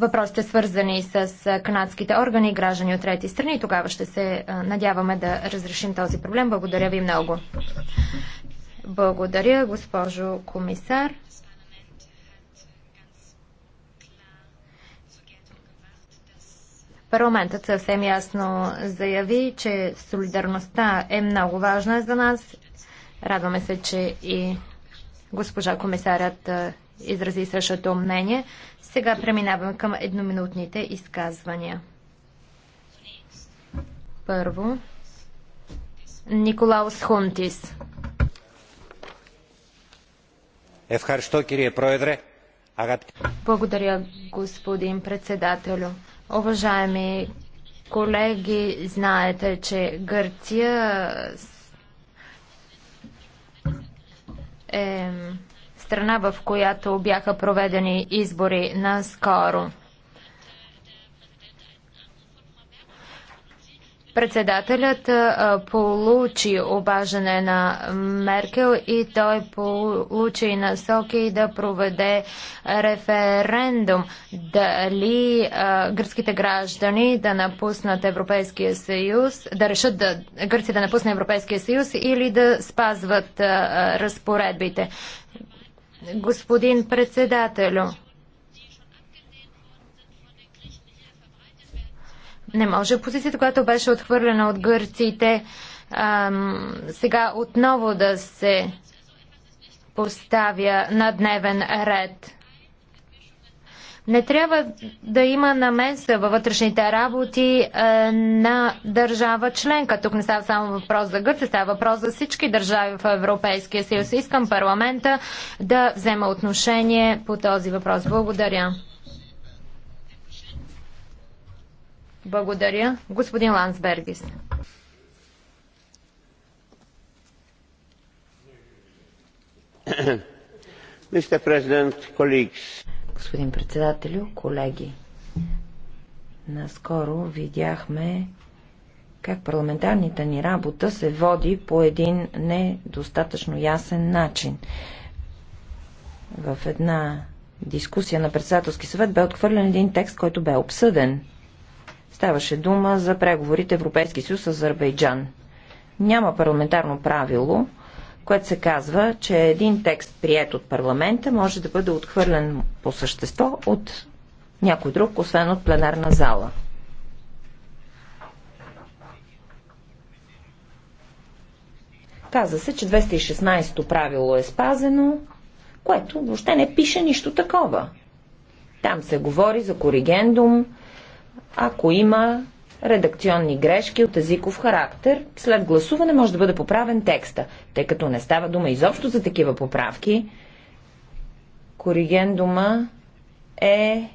въпросите свързани с канадските органи и граждани от трети страни. Тогава ще се надяваме да разрешим този проблем. Благодаря ви много. Благодаря, госпожо комисар. Парламентът съвсем ясно заяви, че солидарността е много важна за нас. Радваме се, че и госпожа комисарят изрази същото мнение. Сега преминаваме към едноминутните изказвания. Първо, Николаус Хунтис. Благодаря, господин председателю. Уважаеми колеги, знаете, че Гърция е страна, в която бяха проведени избори наскоро. Председателят получи обаждане на Меркел и той получи насоки да проведе референдум. Дали гръцките граждани да напуснат Европейския съюз, да решат да, гърци да напусне Европейския съюз или да спазват разпоредбите господин председателю. Не може позицията, която беше отхвърлена от гърците, ам, сега отново да се поставя на дневен ред. Не трябва да има намеса във вътрешните работи е, на държава членка. Тук не става само въпрос за Гърция, става въпрос за всички държави в Европейския съюз. Искам парламента да взема отношение по този въпрос. Благодаря. Благодаря. Господин Лансбергис. Mr. President, colleagues господин председателю, колеги. Наскоро видяхме как парламентарната ни работа се води по един недостатъчно ясен начин. В една дискусия на председателски съвет бе отхвърлен един текст, който бе обсъден. Ставаше дума за преговорите Европейски съюз с Азербайджан. Няма парламентарно правило, което се казва, че един текст, прият от парламента, може да бъде отхвърлен по същество от някой друг, освен от пленарна зала. Каза се, че 216-то правило е спазено, което въобще не пише нищо такова. Там се говори за коригендум, ако има редакционни грешки от езиков характер. След гласуване може да бъде поправен текста, тъй като не става дума изобщо за такива поправки. Коригендума е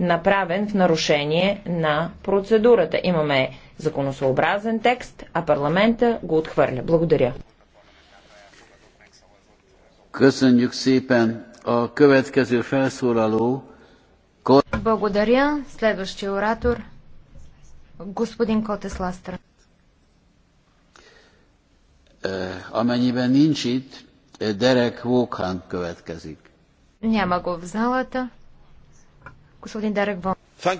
направен в нарушение на процедурата. Имаме законосообразен текст, а парламента го отхвърля. Благодаря. Благодаря. Следващия оратор. Господин Котес Ластра. Е, Amennyiben nincs е Дерек Вулкан, Vaughan következik. Няма го в залата. Господин Дерек Вулкан. Uh,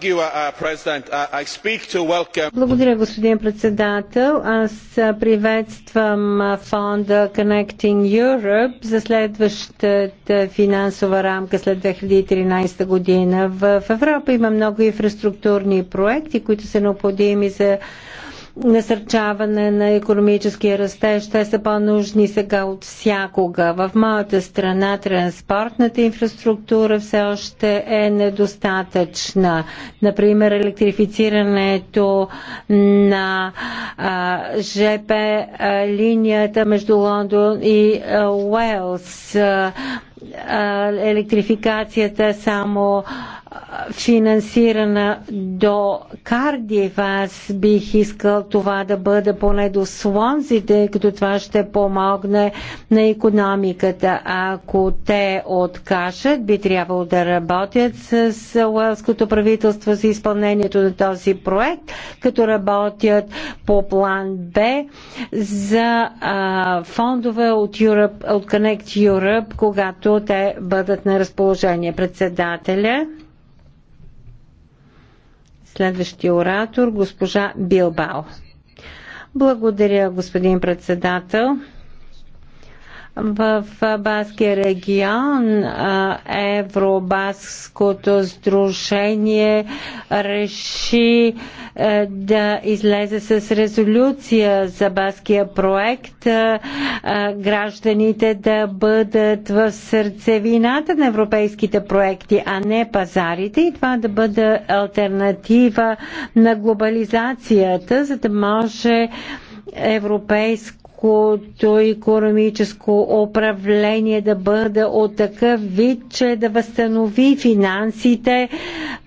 uh, uh, Благодаря, господин председател. Аз приветствам фонда Connecting Europe за следващата финансова рамка след 2013 година. В Европа има много инфраструктурни проекти, които са необходими за насърчаване на економическия растеж. Те са по-нужни сега от всякога. В моята страна транспортната инфраструктура все още е недостатъчна. Например, електрифицирането на а, ЖП а, линията между Лондон и а, Уелс. А, електрификацията е само финансирана до Кардиев. Аз бих искал това да бъде поне до Слонзи, тъй като това ще помогне на економиката. Ако те откажат, би трябвало да работят с Уелското правителство за изпълнението на този проект, като работят по план Б за а, фондове от, Europe, от Connect Europe, когато те бъдат на разположение. Председателя Следващия оратор, госпожа Билбао. Благодаря, господин председател. В Баския регион Евробаското сдружение реши е, да излезе с резолюция за Баския проект е, е, гражданите да бъдат в сърцевината на европейските проекти, а не пазарите и това да бъде альтернатива на глобализацията, за да може европейско тежкото економическо управление да бъде от такъв вид, че да възстанови финансите,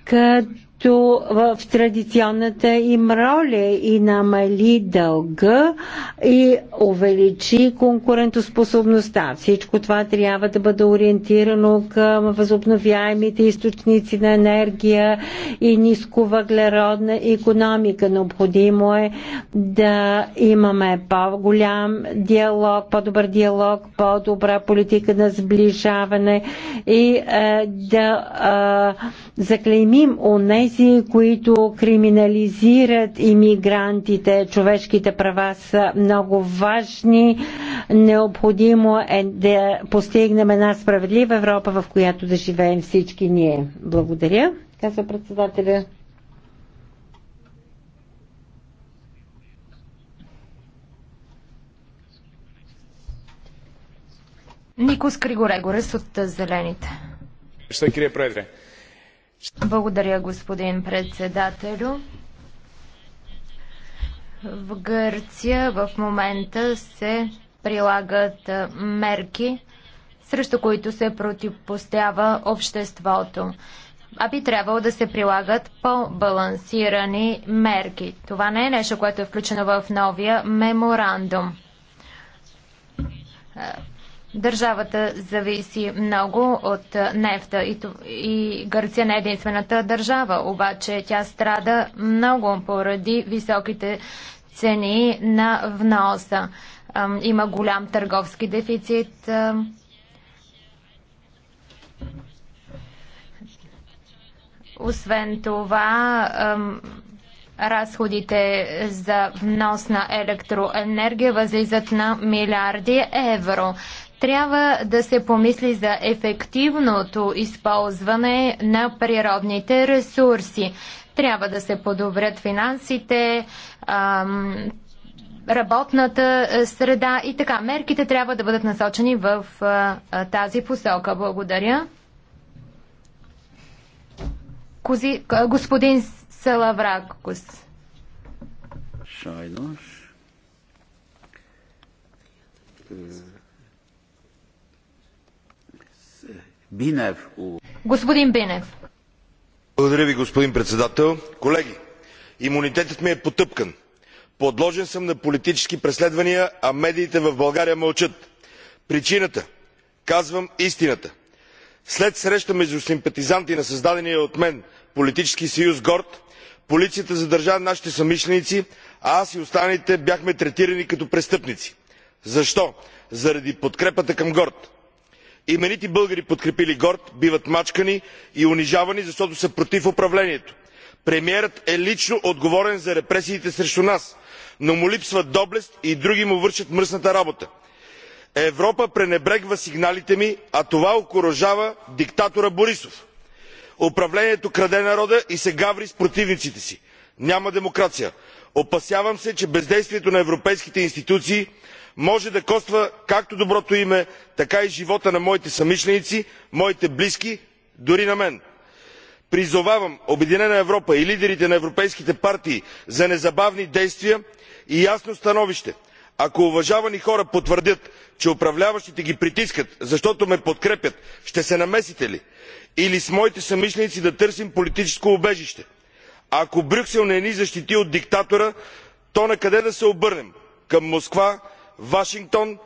като като в традиционната им роля и намали дълга и увеличи конкурентоспособността. Всичко това трябва да бъде ориентирано към възобновяемите източници на енергия и нисковъглеродна економика. Необходимо е да имаме по-голям диалог, по-добър диалог, по-добра политика на сближаване и е, да е, заклеймим нея тези, които криминализират иммигрантите, човешките права са много важни. Необходимо е да постигнем една справедлива Европа, в която да живеем всички ние. Благодаря, каза председателя. Никос Кригорегорес от Зелените. Ще, кирие Предре. Благодаря, господин председателю. В Гърция в момента се прилагат мерки, срещу които се противопоставя обществото. А би трябвало да се прилагат по-балансирани мерки. Това не е нещо, което е включено в новия меморандум Държавата зависи много от нефта и, Гърция не е единствената държава, обаче тя страда много поради високите цени на вноса. Има голям търговски дефицит. Освен това, разходите за внос на електроенергия възлизат на милиарди евро. Трябва да се помисли за ефективното използване на природните ресурси. Трябва да се подобрят финансите, работната е, среда и така. Мерките трябва да бъдат насочени в е, е, тази посока. Благодаря. Кози, господин Салавракус. Шайнош. Бинев. Господин Бинев. Благодаря ви, господин председател. Колеги, имунитетът ми е потъпкан. Подложен съм на политически преследвания, а медиите в България мълчат. Причината? Казвам истината. След среща между симпатизанти на създадения от мен политически съюз ГОРД, полицията задържа нашите съмишленици, а аз и останалите бяхме третирани като престъпници. Защо? Заради подкрепата към ГОРД именити българи подкрепили горд биват мачкани и унижавани защото са против управлението. премиерът е лично отговорен за репресиите срещу нас но му липсва доблест и други му вършат мръсната работа. европа пренебрегва сигналите ми а това окуражава диктатора борисов. управлението краде народа и се гаври с противниците си. няма демокрация! опасявам се че бездействието на европейските институции може да коства както доброто име така и живота на моите съмишленици моите близки дори на мен. призовавам обединена европа и лидерите на европейските партии за незабавни действия и ясно становище. ако уважавани хора потвърдят че управляващите ги притискат защото ме подкрепят ще се намесите ли или с моите съмишленици да търсим политическо убежище? ако брюксел не ни защити от диктатора то накъде да се обърнем към москва вашингтон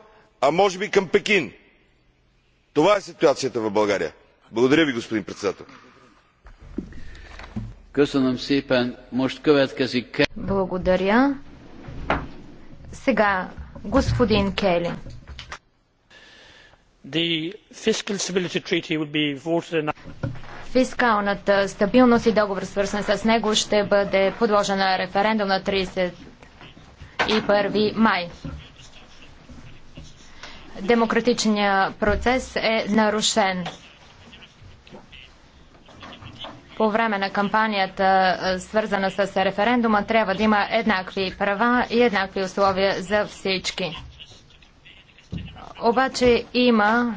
а може би към пекин. това е ситуацията в българя. благодаря ви господин председател. Благодаря. Сега господин Кели. Фискалната стабилност и договор свързан с него ще бъде подложен на референдум на 31 май демократичният процес е нарушен. По време на кампанията, свързана с референдума, трябва да има еднакви права и еднакви условия за всички. Обаче има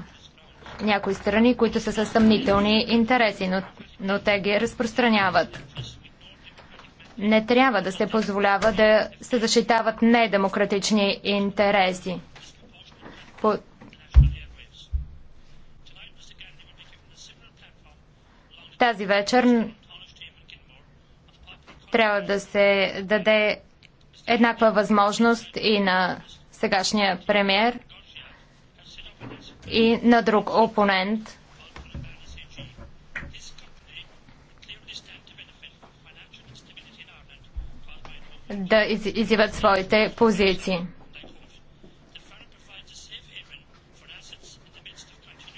някои страни, които са със съмнителни интереси, но, но те ги разпространяват. Не трябва да се позволява да се защитават недемократични интереси. Тази вечер трябва да се даде еднаква възможност и на сегашния премьер и на друг опонент. да изиват своите позиции.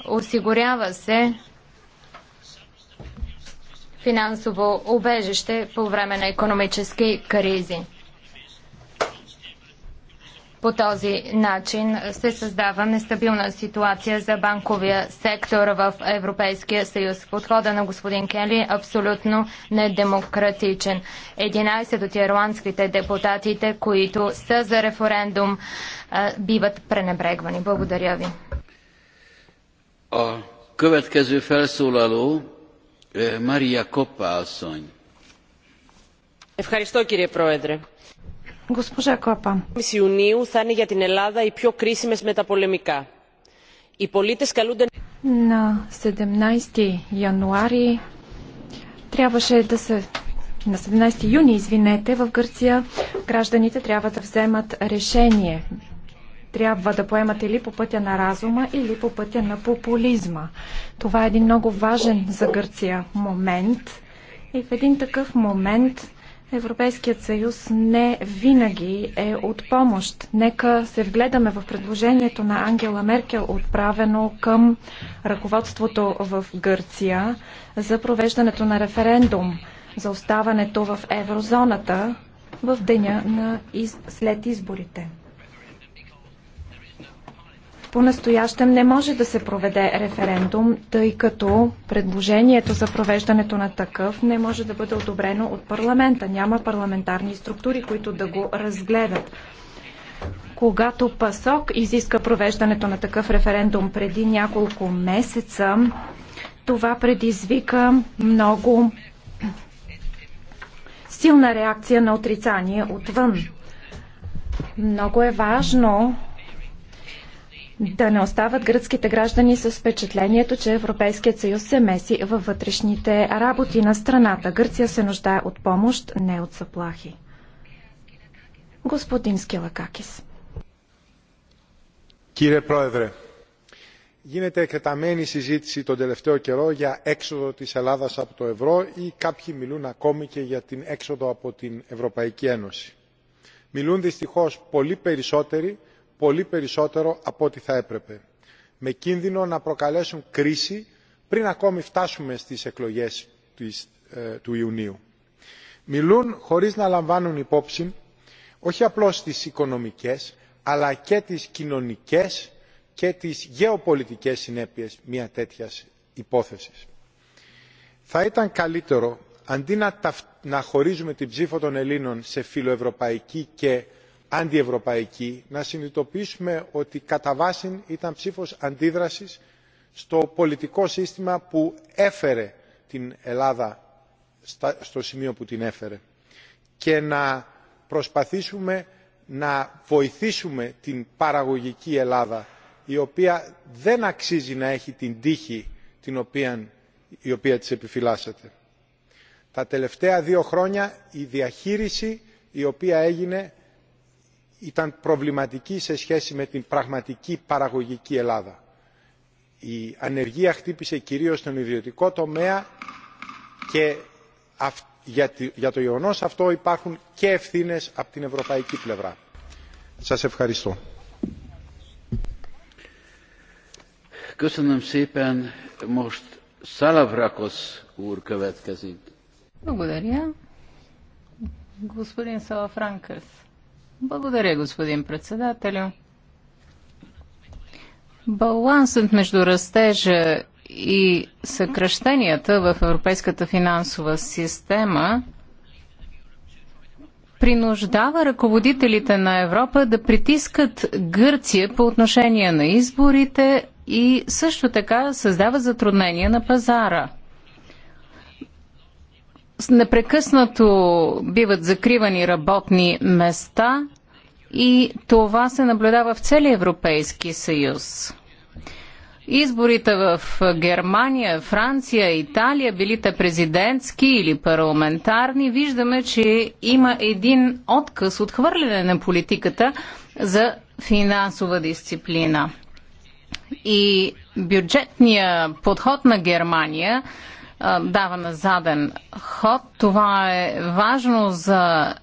Осигурява се финансово убежище по време на економически кризи. По този начин се създава нестабилна ситуация за банковия сектор в Европейския съюз. Подхода на господин Кели е абсолютно недемократичен. 11 от ирландските депутатите, които са за референдум, биват пренебрегвани. Благодаря ви következő felszólaló Maria Koppa asszony. Госпожа Копа. Ιουνίου θα είναι για την Ελλάδα οι πιο μεταπολεμικά. Οι καλούνται... На 17 януари трябваше да се на 17 юни, извинете, в Гърция гражданите трябва да вземат решение трябва да поемат или по пътя на разума, или по пътя на популизма. Това е един много важен за Гърция момент. И в един такъв момент Европейският съюз не винаги е от помощ. Нека се вгледаме в предложението на Ангела Меркел, отправено към ръководството в Гърция за провеждането на референдум за оставането в еврозоната в деня на из... след изборите. По-настоящем не може да се проведе референдум, тъй като предложението за провеждането на такъв не може да бъде одобрено от парламента. Няма парламентарни структури, които да го разгледат. Когато ПАСОК изиска провеждането на такъв референдум преди няколко месеца, това предизвика много силна реакция на отрицание отвън. Много е важно да не остават гръцките граждани с впечатлението, че Европейският съюз се меси във вътрешните работи на страната. Гърция се нуждае от помощ, не от заплахи. Господин Скилакакис. Кире Проедре, γίνεται εκτεταμένη συζήτηση τον τελευταίο καιρό για έξοδο της Ελλάδας από το ευρώ ή κάποιοι μιλούν ακόμη και για την έξοδο από την Ευρωπαϊκή Ένωση. Μιλούν δυστυχώς πολύ περισσότεροι πολύ περισσότερο από ό,τι θα έπρεπε με κίνδυνο να προκαλέσουν κρίση πριν ακόμη φτάσουμε στις εκλογές του Ιουνίου. Μιλούν χωρίς να λαμβάνουν υπόψη όχι απλώς τις οικονομικές αλλά και τις κοινωνικές και τις γεωπολιτικές συνέπειες μια τέτοιας υπόθεσης. Θα ήταν καλύτερο αντί να χωρίζουμε την ψήφο των Ελλήνων σε φιλοευρωπαϊκή και αντιευρωπαϊκή να συνειδητοποιήσουμε ότι κατά βάση ήταν ψήφος αντίδρασης στο πολιτικό σύστημα που έφερε την Ελλάδα στο σημείο που την έφερε και να προσπαθήσουμε να βοηθήσουμε την παραγωγική Ελλάδα η οποία δεν αξίζει να έχει την τύχη την οποία, η οποία της επιφυλάσσεται. Τα τελευταία δύο χρόνια η διαχείριση η οποία έγινε ήταν προβληματική σε σχέση με την πραγματική παραγωγική Ελλάδα. Η ανεργία χτύπησε κυρίως τον ιδιωτικό τομέα και για το γεγονό αυτό υπάρχουν και ευθύνες από την ευρωπαϊκή πλευρά. Σας ευχαριστώ. Благодаря. Господин Салафранкас. Благодаря, господин председателю. Балансът между растежа и съкръщенията в европейската финансова система принуждава ръководителите на Европа да притискат Гърция по отношение на изборите и също така създава затруднения на пазара непрекъснато биват закривани работни места и това се наблюдава в целия Европейски съюз. Изборите в Германия, Франция, Италия, били те президентски или парламентарни, виждаме, че има един отказ, от хвърляне на политиката за финансова дисциплина. И бюджетния подход на Германия – дава на заден ход. Това е важно за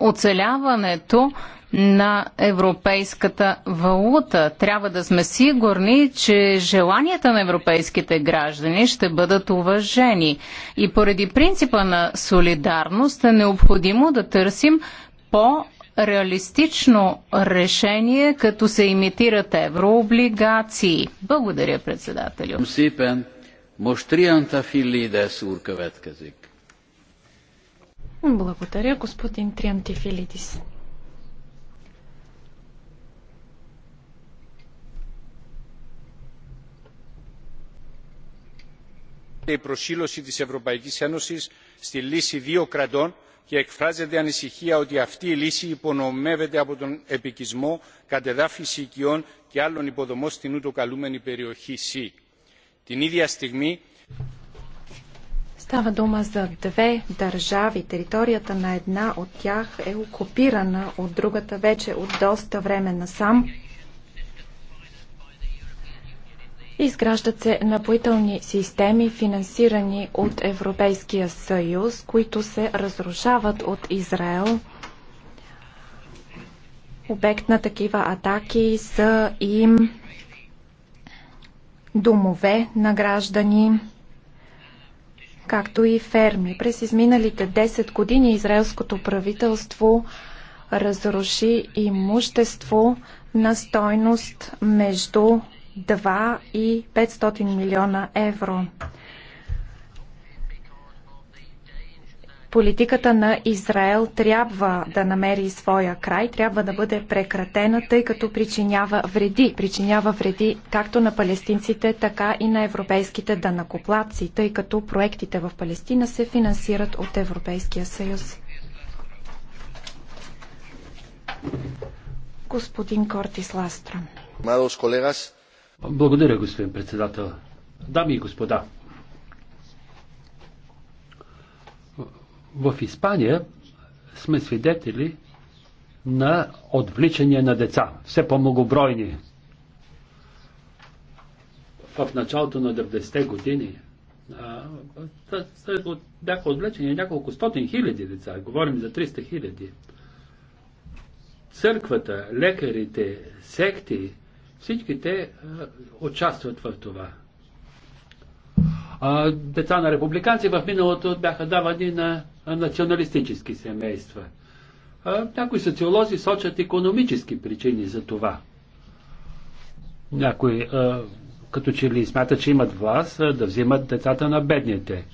оцеляването на европейската валута. Трябва да сме сигурни, че желанията на европейските граждани ще бъдат уважени. И поради принципа на солидарност е необходимо да търсим по- реалистично решение, като се имитират еврооблигации. Благодаря, председателю. Most úr következik. Благодаря, господин Триантифилидис. η προσήλωση της ευρωπαϊκής ένωσης στη λύση δύο κρατών και εκφράζεται ανησυχία ότι αυτή η λύση υπονομεύεται από τον επικισμό κατεδάφιση οικειών και άλλων υποδομών στην ούτω καλούμενη περιοχή ΣΥΚ. Την ίδια στιγμή Става дума за две държави. Територията на една от тях е окупирана от другата вече от доста време насам. Изграждат се напоителни системи, финансирани от Европейския съюз, които се разрушават от Израел. Обект на такива атаки са им домове на граждани, както и ферми. През изминалите 10 години израелското правителство разруши имущество на стойност между 2 и 500 милиона евро. Политиката на Израел трябва да намери своя край, трябва да бъде прекратена, тъй като причинява вреди. Причинява вреди както на палестинците, така и на европейските данакоплаци, тъй като проектите в Палестина се финансират от Европейския съюз. Господин Кортис Ластра. Благодаря, господин председател. Дами и господа, В Испания сме свидетели на отвличания на деца, все по-многобройни. В началото на 90-те години бяха отвлечени няколко стотин хиляди деца, говорим за 300 хиляди. Църквата, лекарите, секти, всички те участват в това. А, деца на републиканци в миналото бяха давани на националистически семейства. Някои социолози сочат економически причини за това. Някои като че ли смятат, че имат власт да взимат децата на бедните.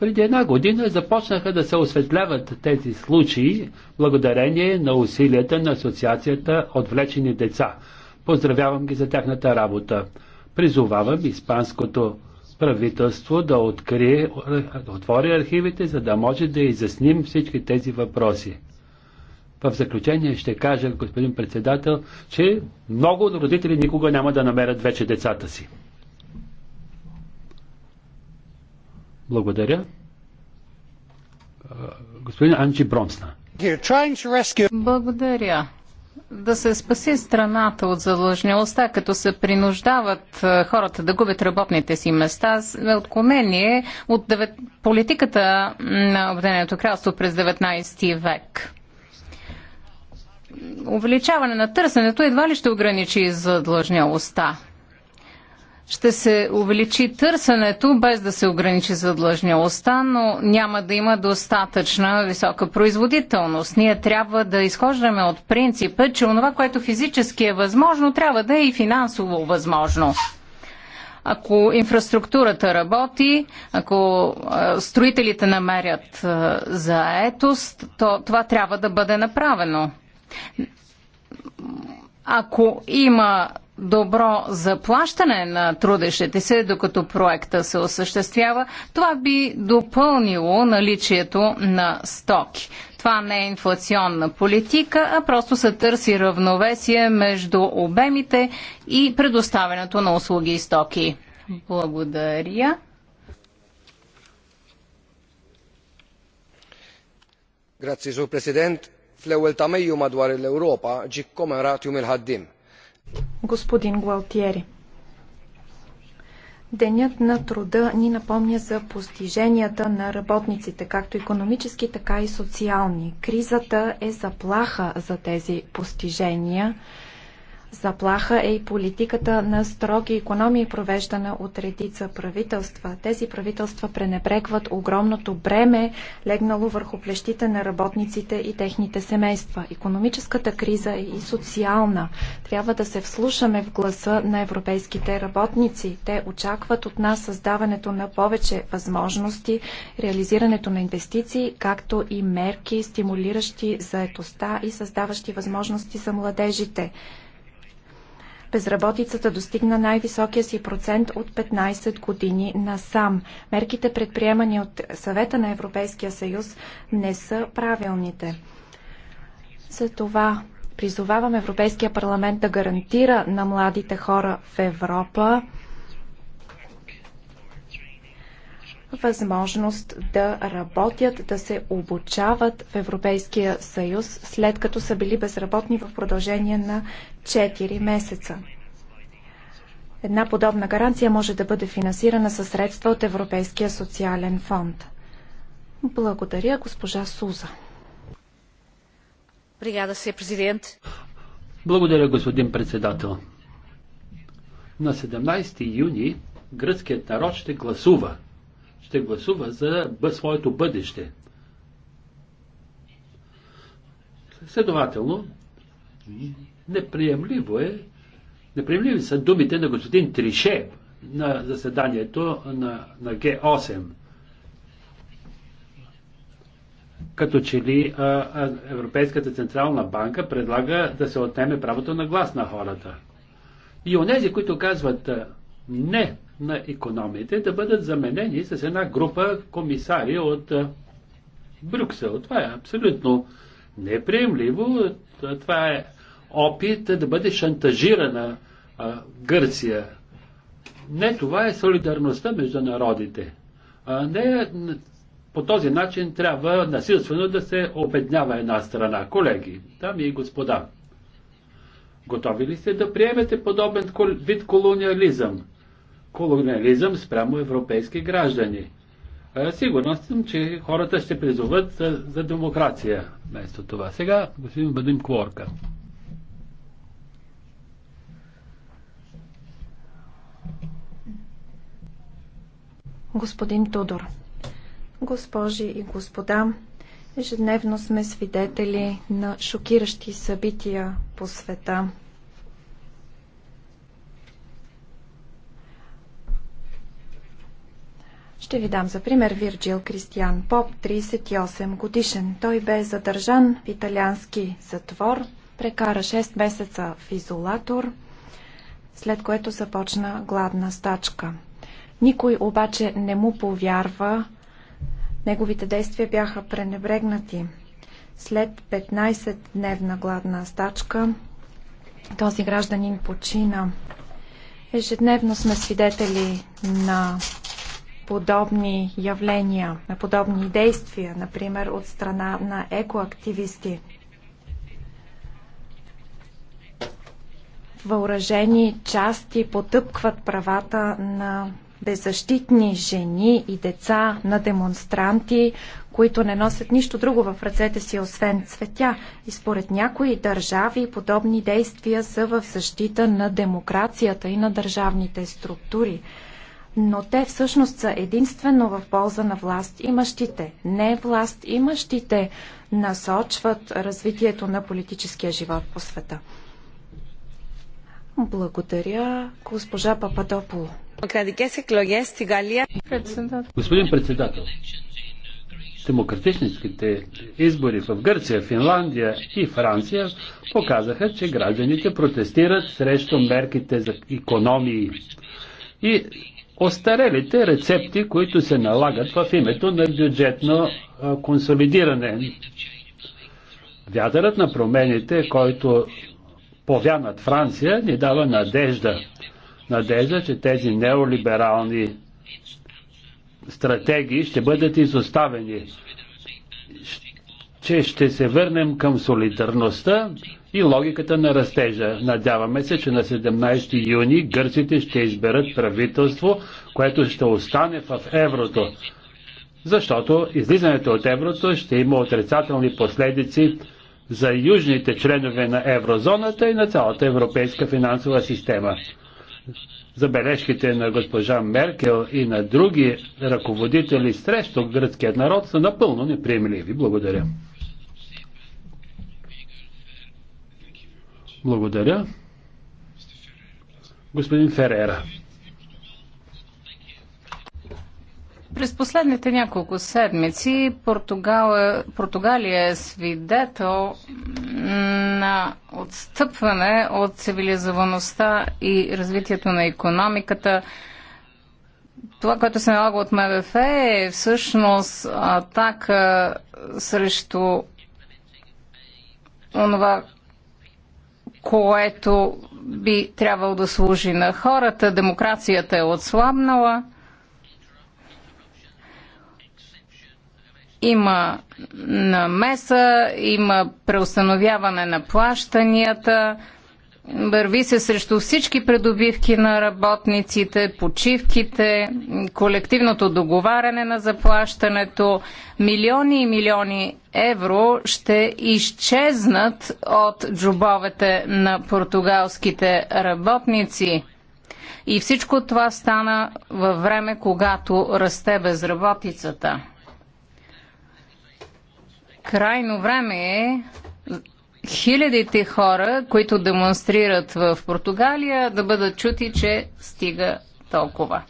Преди една година започнаха да се осветляват тези случаи благодарение на усилията на Асоциацията Отвлечени деца. Поздравявам ги за тяхната работа. Призовавам испанското правителство да открие, да отвори архивите, за да може да изясним всички тези въпроси. В заключение ще кажа, господин председател, че много родители никога няма да намерят вече децата си. Благодаря. Господин Анчи Бромсна. Благодаря да се спаси страната от задлъжнялостта, като се принуждават е, хората да губят работните си места, е, отклонение от политиката на Обединеното кралство през 19 век. Увеличаване на търсенето едва ли ще ограничи задлъжнялостта ще се увеличи търсенето, без да се ограничи задлъжнялостта, но няма да има достатъчна висока производителност. Ние трябва да изхождаме от принципа, че онова, което физически е възможно, трябва да е и финансово възможно. Ако инфраструктурата работи, ако строителите намерят заетост, то това трябва да бъде направено ако има добро заплащане на трудещите се, докато проекта се осъществява, това би допълнило наличието на стоки. Това не е инфлационна политика, а просто се търси равновесие между обемите и предоставянето на услуги и стоки. Благодаря. Grazie, Sur Presidente. fl-ewwel ta' madwar l il-ħaddiem господин Гуалтиери. Денят на труда ни напомня за постиженията на работниците, както економически, така и социални. Кризата е заплаха за тези постижения. Заплаха е и политиката на строги економии, провеждана от редица правителства. Тези правителства пренебрегват огромното бреме, легнало върху плещите на работниците и техните семейства. Економическата криза е и социална. Трябва да се вслушаме в гласа на европейските работници. Те очакват от нас създаването на повече възможности, реализирането на инвестиции, както и мерки, стимулиращи заетостта и създаващи възможности за младежите. Безработицата достигна най-високия си процент от 15 години насам. Мерките, предприемани от съвета на Европейския съюз, не са правилните. За това призовавам Европейския парламент да гарантира на младите хора в Европа възможност да работят, да се обучават в Европейския съюз, след като са били безработни в продължение на 4 месеца. Една подобна гаранция може да бъде финансирана със средства от Европейския социален фонд. Благодаря, госпожа Суза. Бригада се, президент. Благодаря, господин председател. На 17 юни гръцкият народ ще гласува ще гласува за своето бъдеще. Следователно, неприемливо е, неприемливи са думите на господин Трише на заседанието на, на Г8. Като че ли а, а, Европейската Централна банка предлага да се отнеме правото на глас на хората. И онези, които казват не на економите да бъдат заменени с една група комисари от Брюксел. Това е абсолютно неприемливо. Това е опит да бъде шантажирана а, Гърция. Не това е солидарността между народите. А, не по този начин трябва насилствено да се обеднява една страна. Колеги, дами и господа, готови ли сте да приемете подобен вид колониализъм? колониализъм спрямо европейски граждани. Сигурно съм, че хората ще призоват за, за демокрация вместо това. Сега господин Бадим Кворка. Господин Тудор, госпожи и господа, ежедневно сме свидетели на шокиращи събития по света – Ще ви дам за пример Вирджил Кристиан Поп, 38 годишен. Той бе задържан в италиански затвор, прекара 6 месеца в изолатор, след което започна гладна стачка. Никой обаче не му повярва. Неговите действия бяха пренебрегнати. След 15-дневна гладна стачка този гражданин почина. Ежедневно сме свидетели на подобни явления, на подобни действия, например от страна на екоактивисти. Въоръжени части потъпкват правата на беззащитни жени и деца, на демонстранти, които не носят нищо друго в ръцете си, освен цветя. И според някои държави подобни действия са в защита на демокрацията и на държавните структури но те всъщност са единствено в полза на власт имащите. Не власт имащите насочват развитието на политическия живот по света. Благодаря, госпожа Пападополо. Господин председател, демократичните избори в Гърция, Финландия и Франция показаха, че гражданите протестират срещу мерките за економии и остарелите рецепти, които се налагат в името на бюджетно консолидиране. Вятърът на промените, който повянат Франция, ни дава надежда. Надежда, че тези неолиберални стратегии ще бъдат изоставени, че ще се върнем към солидарността, и логиката на растежа. Надяваме се, че на 17 юни гърците ще изберат правителство, което ще остане в еврото. Защото излизането от еврото ще има отрицателни последици за южните членове на еврозоната и на цялата европейска финансова система. Забележките на госпожа Меркел и на други ръководители срещу гръцкият народ са напълно неприемливи. Благодаря. Благодаря. Господин Ферера. През последните няколко седмици Португал, е- Португалия е свидетел на отстъпване от цивилизоваността и развитието на економиката. Това, което се налага от МВФ е всъщност атака срещу онова, което би трябвало да служи на хората. Демокрацията е отслабнала. Има намеса, има преустановяване на плащанията. Върви се срещу всички предобивки на работниците, почивките, колективното договаряне на заплащането. Милиони и милиони евро ще изчезнат от джобовете на португалските работници. И всичко това стана във време, когато расте безработицата. Крайно време е хилядите хора, които демонстрират в Португалия, да бъдат чути, че стига толкова.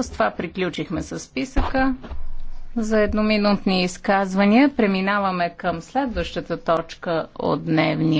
С това приключихме с списъка за едноминутни изказвания. Преминаваме към следващата точка от дневния